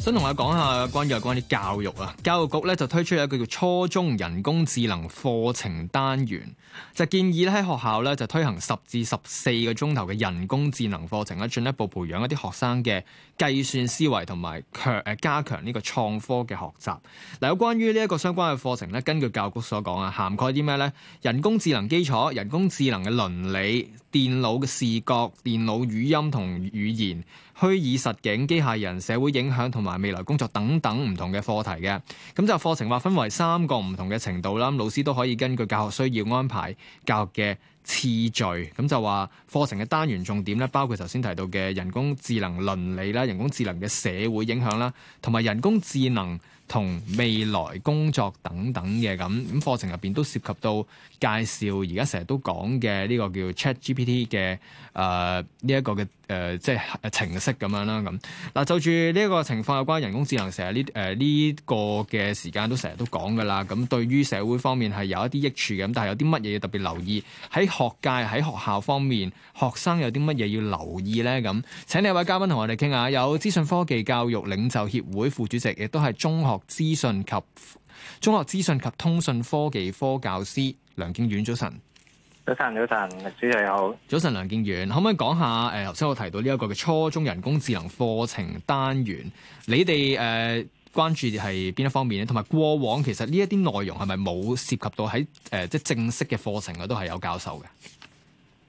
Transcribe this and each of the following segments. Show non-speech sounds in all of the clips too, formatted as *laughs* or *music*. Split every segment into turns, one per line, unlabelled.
想同你講一下關於有關啲教育啊，教育局咧就推出一個叫初中人工智能課程單元，就建議咧喺學校咧就推行十至十四個鐘頭嘅人工智能課程咧，進一步培養一啲學生嘅計算思維同埋強誒加強呢個創科嘅學習。嗱，有關於呢一個相關嘅課程咧，根據教育局所講啊，涵蓋啲咩咧？人工智能基礎、人工智能嘅倫理。電腦嘅視覺、電腦語音同語言、虛擬實境、機械人、社會影響同埋未來工作等等唔同嘅課題嘅，咁就課程劃分為三個唔同嘅程度啦。老師都可以根據教學需要安排教學嘅次序。咁就話課程嘅單元重點咧，包括頭先提到嘅人工智能倫理啦、人工智能嘅社會影響啦，同埋人工智能同未來工作等等嘅咁咁課程入邊都涉及到介紹而家成日都講嘅呢個叫 ChatGPT 嘅誒呢、呃、一個嘅誒、呃、即係程式咁樣啦咁嗱就住呢個情況有關人工智能成日呢誒呢個嘅時間都成日都講噶啦咁對於社會方面係有一啲益處嘅咁，但係有啲乜嘢要特別留意？喺學界喺學校方面，學生有啲乜嘢要留意咧？咁請呢位嘉賓同我哋傾下，有資訊科技教育領袖協會副主席，亦都係中學。資訊及中學資訊及通訊科技科教師梁競遠，早晨，早晨，早晨，早晨，主持人早晨，梁競遠，可唔可以講下誒？頭先、呃、我提到呢一個嘅初中人工智能課程單元，你哋誒、呃、關注係邊一方面咧？同埋過往其實呢一啲內容係咪冇涉及到喺誒、呃、即係正式嘅課程嘅都係有教授嘅？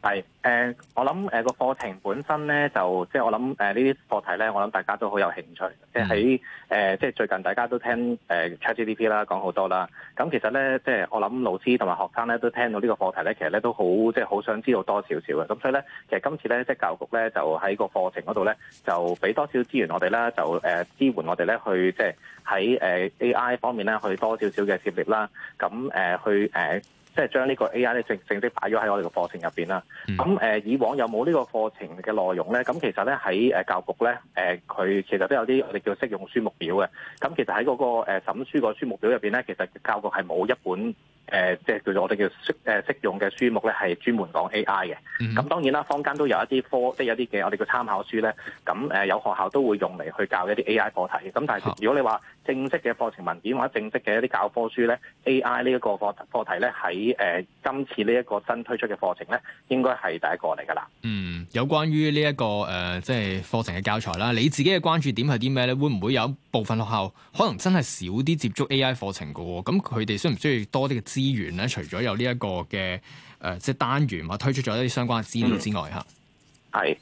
係，誒、呃、我諗誒個課程本身咧，就即係我諗誒呢啲課題咧，我諗大家都好有興趣，嗯、即係喺誒即最近大家都聽誒、呃、ChatGPT 啦講好多啦。咁其實咧，即係我諗老師同埋學生咧都聽到呢個課題咧，其實咧都好即係好想知道多少少嘅。咁所以咧，其實今次咧即係教育局咧就喺個課程嗰度咧就俾多少資源我哋啦，就誒、呃、支援我哋咧去即係喺、呃、AI 方面咧去多少少嘅涉獵啦。咁誒、呃、去、呃即係將呢個 AI 咧正正式擺咗喺我哋、嗯、個課程入面啦。咁以往有冇呢個課程嘅內容咧？咁其實咧喺誒教局咧誒，佢、呃、其實都有啲我哋叫適用書目表嘅。咁其實喺嗰個誒審書個書目表入面咧，其實教局係冇一本誒，即、呃、係叫做我哋叫適用嘅書目咧，係專門講 AI 嘅。咁、嗯、當然啦，坊間都有一啲科，即係一啲嘅我哋嘅參考書咧。咁有學校都會用嚟去教一啲 AI 課題。咁但係如果你話，正式嘅課程文件或者正式嘅一啲教科書咧，AI 呢一個課課題咧喺誒今次呢一個新推出嘅課程咧，應該係第一個嚟㗎啦。嗯，
有關於呢、這、一個誒，即、呃、係、就是、課程嘅教材啦，你自己嘅關注點係啲咩咧？會唔會有部分學校可能真係少啲接觸 AI 課程嘅？咁佢哋需唔需要多啲嘅資源咧？除咗有呢一個嘅誒、呃，即係單元或者推出咗一啲相關嘅資料之外，嚇係、嗯。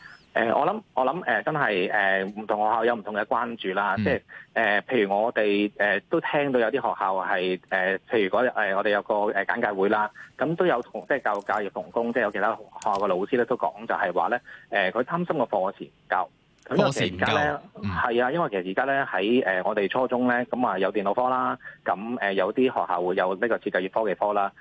我諗，我諗，誒、呃，真係誒，唔、呃、同學校有唔同嘅關注啦。即係誒，譬如我哋誒、呃、都聽到有啲學校係誒、呃，譬如嗰我哋有個誒簡介會啦。咁都有同即係教育教育同工，即係有其他學校嘅老師咧，都講就係話咧誒，佢擔心個課時唔夠。課時唔夠咧，係啊，因為其實而家咧喺誒我哋初中咧，咁啊有電腦科啦，咁誒有啲學校會有呢個設計與科技科啦，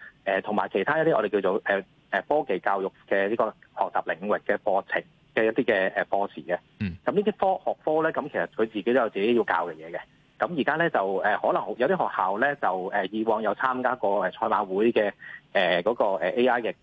同、呃、埋其他一啲我哋叫做誒誒、呃、科技教育嘅呢個學習領域嘅課程。嘅一啲嘅課時嘅，嗯，咁呢啲科學科咧，咁其實佢自己都有自己要教嘅嘢嘅。咁而家咧就誒可能有啲學校咧就誒以往有參加過誒賽馬會嘅嗰個誒 AI 嘅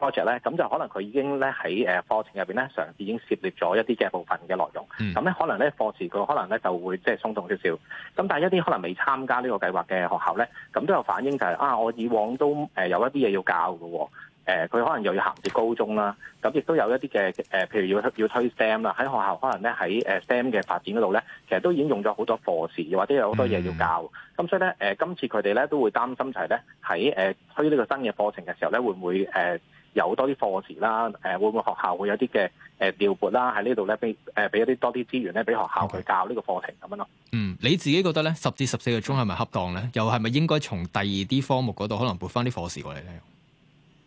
project 咧，咁就可能佢已經咧喺誒課程入面咧，嘗試已經涉獵咗一啲嘅部分嘅內容。咁咧可能咧課時佢可能咧就會即係鬆動少少。咁但係一啲可能未參加呢個計劃嘅學校咧，咁都有反應就係啊，我以往都誒有一啲嘢要教㗎喎。誒佢、呃、可能又要行至高中啦，咁亦都有一啲嘅誒，譬如要要推 STEM 啦，喺學校可能咧喺 STEM 嘅發展嗰度咧，其實都已經用咗好多課時，或者有好多嘢要教。咁、嗯、所以咧，誒、呃、今次佢哋咧都會擔心就係咧喺誒推呢個新嘅課程嘅時候咧，會唔會誒、呃、有多啲課時啦？誒會唔會學校會有啲嘅誒調撥啦？喺呢度咧俾誒俾一啲多啲資源咧俾學校去教呢個課程咁樣咯。嗯，
你自己覺得咧十至十四個鐘係咪恰當咧？又係咪應該從第二啲科目嗰度可能撥翻啲課時過嚟咧？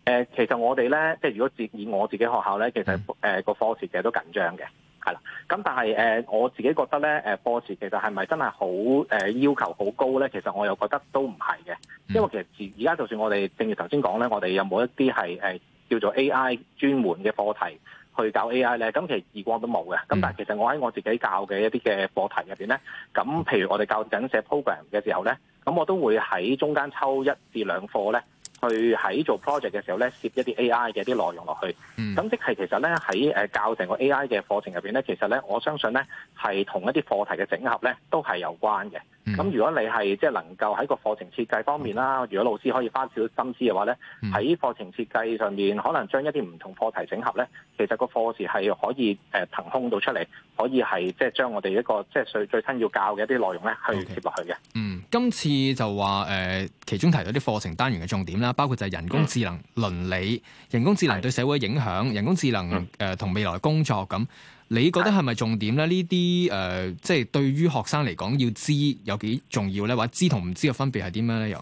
誒、呃，其實我哋咧，即係如果接以我自己學校咧，其實誒個課時其實都緊張嘅，係啦。咁但係誒、呃、我自己覺得咧，誒課時其實係咪真係好誒、呃、要求好高咧？其實我又覺得都唔係嘅，嗯、因為其實而家就算我哋正如頭先講咧，我哋有冇一啲係誒叫做 A I 專門嘅課題去教 A I 咧？咁其實二光都冇嘅。咁、嗯、但係其實我喺我自己教嘅一啲嘅課題入邊咧，咁譬如我哋教整寫 program 嘅時候咧，咁我都會喺中間抽一至兩課咧。去喺做 project 嘅時候咧，攝一啲 AI 嘅一啲內容落去。咁、嗯、即係其實咧，喺誒教成個 AI 嘅課程入邊咧，其實咧，我相信咧係同一啲課題嘅整合咧，都係有關嘅。咁、嗯、如果你係即係能夠喺個課程設計方面啦，嗯、如果老師可以花少少心思嘅話咧，喺、嗯、課程設計上面，可能將一啲唔同課題整合咧，其實個課時係可以誒騰空到出嚟，可以係即係將我哋一個即係最最新要教嘅一啲內容咧，去接落去嘅。嗯，
今次就話、呃、其中提到啲課程單元嘅重點啦，包括就係人工智能倫理、嗯、人工智能對社會影響、嗯、人工智能同、嗯呃、未來工作咁。你覺得係咪重點咧？呢啲誒，即、呃、係、就是、對於學生嚟講要知有幾重要咧，或者知同唔知嘅分別係啲咩咧？又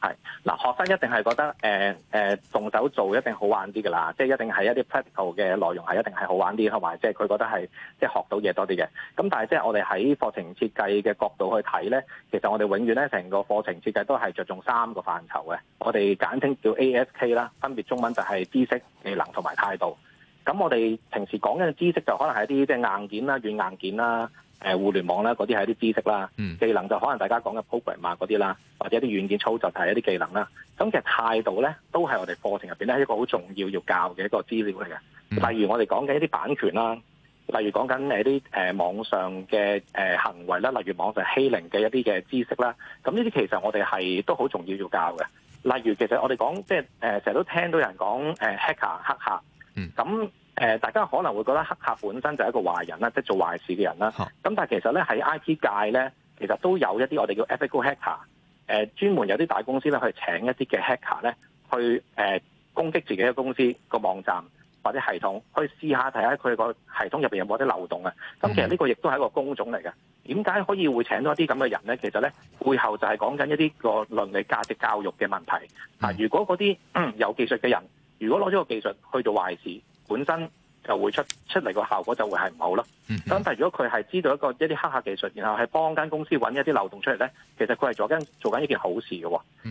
係
嗱，學生一定係覺得誒誒、呃呃，動手做一定好玩啲噶啦，即、就、係、是、一定係一啲 practical 嘅內容係一定係好玩啲，同埋即係佢覺得係即係學到嘢多啲嘅。咁但係即係我哋喺課程設計嘅角度去睇咧，其實我哋永遠咧成個課程設計都係着重三個範疇嘅，我哋簡稱叫 A S K 啦，分別中文就係知識、技能同埋態度。咁我哋平時講緊嘅知識就可能係一啲即係硬件啦、軟硬件啦、呃、互聯網啦嗰啲係一啲知識啦，嗯、技能就可能大家講嘅 program 啊嗰啲啦，或者一啲軟件操作係一啲技能啦。咁其實態度咧都係我哋課程入邊咧一個好重要要教嘅一個資料嚟嘅、嗯。例如我哋講緊一啲版權啦，例如講緊誒啲誒網上嘅、呃、行為啦，例如網上欺凌嘅一啲嘅知識啦。咁呢啲其實我哋係都好重要要教嘅。例如其實我哋講即係成日都聽到人講 Hacker、呃、黑客。咁誒、嗯呃，大家可能會覺得黑客本身就係一個壞人啦，即、就、係、是、做壞事嘅人啦。咁、啊、但其實咧喺 I T 界咧，其實都有一啲我哋叫 ethical hacker，誒、呃，專門有啲大公司咧去請一啲嘅 h a c hacker 咧去誒、呃、攻擊自己嘅公司個網站或者系統，去試下睇下佢個系統入面有冇啲漏洞啊。咁、嗯、其實呢個亦都係一個工種嚟嘅。點解可以會請到一啲咁嘅人咧？其實咧背後就係講緊一啲個倫理價值教育嘅問題。嗱、嗯，如果嗰啲、嗯、有技術嘅人，如果攞咗個技術去做壞事，本身就會出出嚟個效果就會係唔好咯。咁 *laughs* 但係如果佢係知道一個一啲黑客技術，然後係幫間公司搵一啲漏洞出嚟咧，其實佢係做緊做緊一件好事嘅。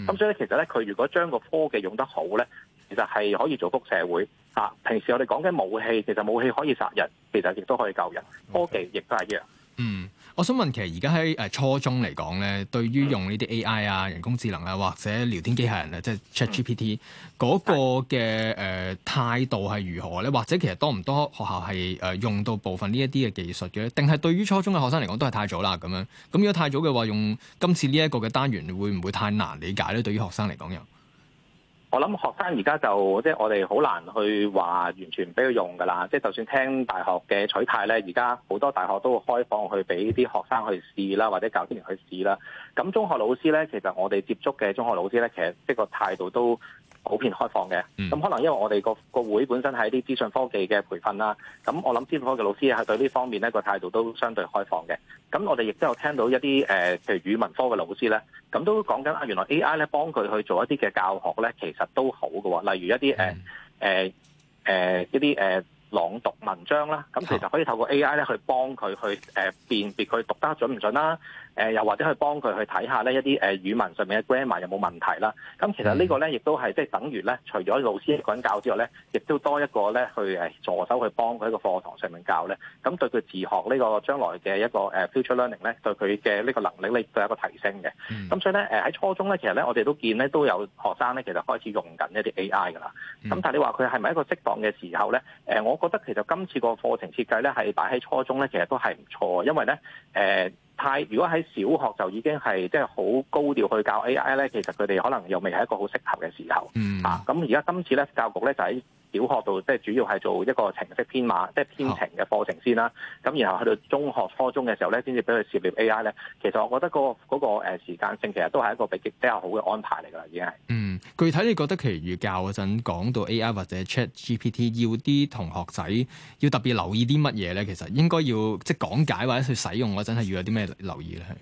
咁 *laughs* 所以咧，其實咧佢如果將個科技用得好咧，其實係可以造福社會。啊，平時我哋講緊武器，其實武器可以殺人，其實亦都可以救人。 *laughs* 科技亦都係一樣。嗯。
*laughs* *laughs* 我想問，其實而家喺誒初中嚟講咧，對於用呢啲 AI 啊、人工智能啊或者聊天機械人啊，即係 ChatGPT 嗰個嘅誒態度係如何咧？或者其實多唔多學校係誒用到部分呢一啲嘅技術嘅咧？定係對於初中嘅學生嚟講都係太早啦咁樣。咁如果太早嘅話，用今次呢一個嘅單元會唔會太難理解咧？對於學生嚟講又？
我諗學生而家就即係、就是、我哋好難去話完全唔俾佢用噶啦，即、就、係、是、就算聽大學嘅取態咧，而家好多大學都會開放去俾啲學生去試啦，或者教職員去試啦。咁中學老師咧，其實我哋接觸嘅中學老師咧，其實即係個態度都。普遍開放嘅，咁可能因為我哋個個會本身係啲資訊科技嘅培訓啦，咁我諗資訊科技老師係對呢方面咧個態度都相對開放嘅。咁我哋亦都有聽到一啲誒、呃，譬如語文科嘅老師咧，咁都講緊啊，原來 AI 咧幫佢去做一啲嘅教學咧，其實都好㗎喎。例如一啲誒一啲誒朗讀文章啦，咁其實可以透過 AI 咧去幫佢去誒辨別佢讀得準唔準啦。誒又或者去幫佢去睇下呢一啲誒語文上面嘅 grammar 有冇問題啦，咁其實呢個咧亦都係即係等於咧，除咗老師一個人教之外咧，亦都多一個咧去誒助手去幫佢喺個課堂上面教咧，咁對佢自學呢個將來嘅一個 future learning 咧，對佢嘅呢個能力咧亦都有一個提升嘅。咁、嗯、所以咧喺初中咧，其實咧我哋都見咧都有學生咧，其實開始用緊一啲 AI 噶啦。咁但係你話佢係咪一個適當嘅時候咧？誒我覺得其實今次個課程設計咧係擺喺初中咧，其實都係唔錯，因為咧誒太如果喺小學就已經係即係好高調去教 A.I. 咧，其實佢哋可能又未係一個好適合嘅時候、嗯、吓！咁而家今次咧，教局咧就喺、是。小學度即係主要係做一個程式編碼，即係編程嘅課程先啦。咁、哦、然後去到中學、初中嘅時候咧，先至俾佢涉獵 AI 咧。其實我覺得、嗰個嗰、嗰個誒、呃、時間性其實都係一個比比較好嘅安排嚟㗎啦，已經係。嗯，
具體你覺得譬如教嗰陣講到 AI 或者 ChatGPT，要啲同學仔要特別留意啲乜嘢咧？其實應該要即係講解或者去使用嗰陣係要有啲咩留意咧？係。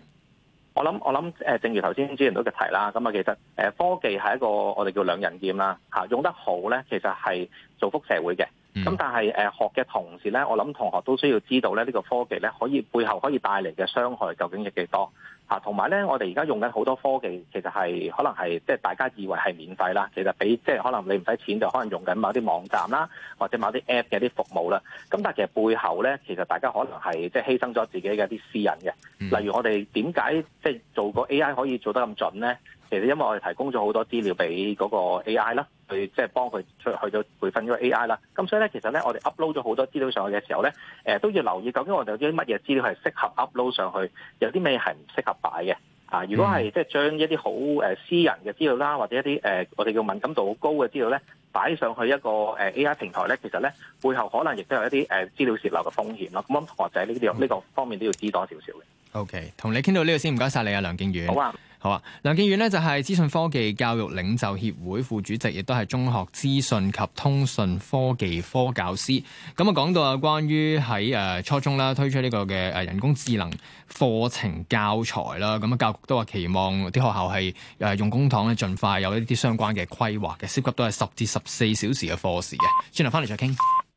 我諗我諗，正如頭先主持都嘅提啦，咁啊，其實科技係一個我哋叫兩刃劍啦，用得好咧，其實係造福社會嘅，咁但係學嘅同時咧，我諗同學都需要知道咧，呢個科技咧可以背後可以帶嚟嘅傷害究竟係幾多？啊，同埋咧，我哋而家用緊好多科技，其實係可能係即係大家以為係免費啦，其實俾即係可能你唔使錢就可能用緊某啲網站啦，或者某啲 App 嘅啲服務啦。咁但係其實背後咧，其實大家可能係即係犧牲咗自己嘅啲私隱嘅。例如我哋點解即係做個 AI 可以做得咁準咧？其實因為我哋提供咗好多資料俾嗰個 AI 啦，去即係幫佢出去到培訓咗個 AI 啦。咁所以咧，其實咧，我哋 upload 咗好多資料上去嘅時候咧、呃，都要留意究竟我哋有啲乜嘢資料係適合 upload 上去，有啲咩係唔適合擺嘅啊？如果係即係將一啲好私人嘅資料啦，或者一啲誒、呃、我哋叫敏感度好高嘅資料咧，擺上去一個 AI 平台咧，其實咧背後可能亦都有一啲誒資料洩漏嘅風險咯。咁同學仔呢啲呢個方面都要知多少少嘅。
OK，同你傾到呢度先，唔該晒你啊，梁競遠。好啊。好啊，梁競遠呢就係資訊科技教育領袖協會副主席，亦都係中學資訊及通訊科技科教師。咁啊，講到啊，關於喺誒初中啦推出呢個嘅誒人工智能課程教材啦，咁啊，教育局都話期望啲學校係誒用公帑咧盡快有一啲相關嘅規劃嘅，涉及都係十至十四小時嘅課時嘅。轉頭翻嚟再傾。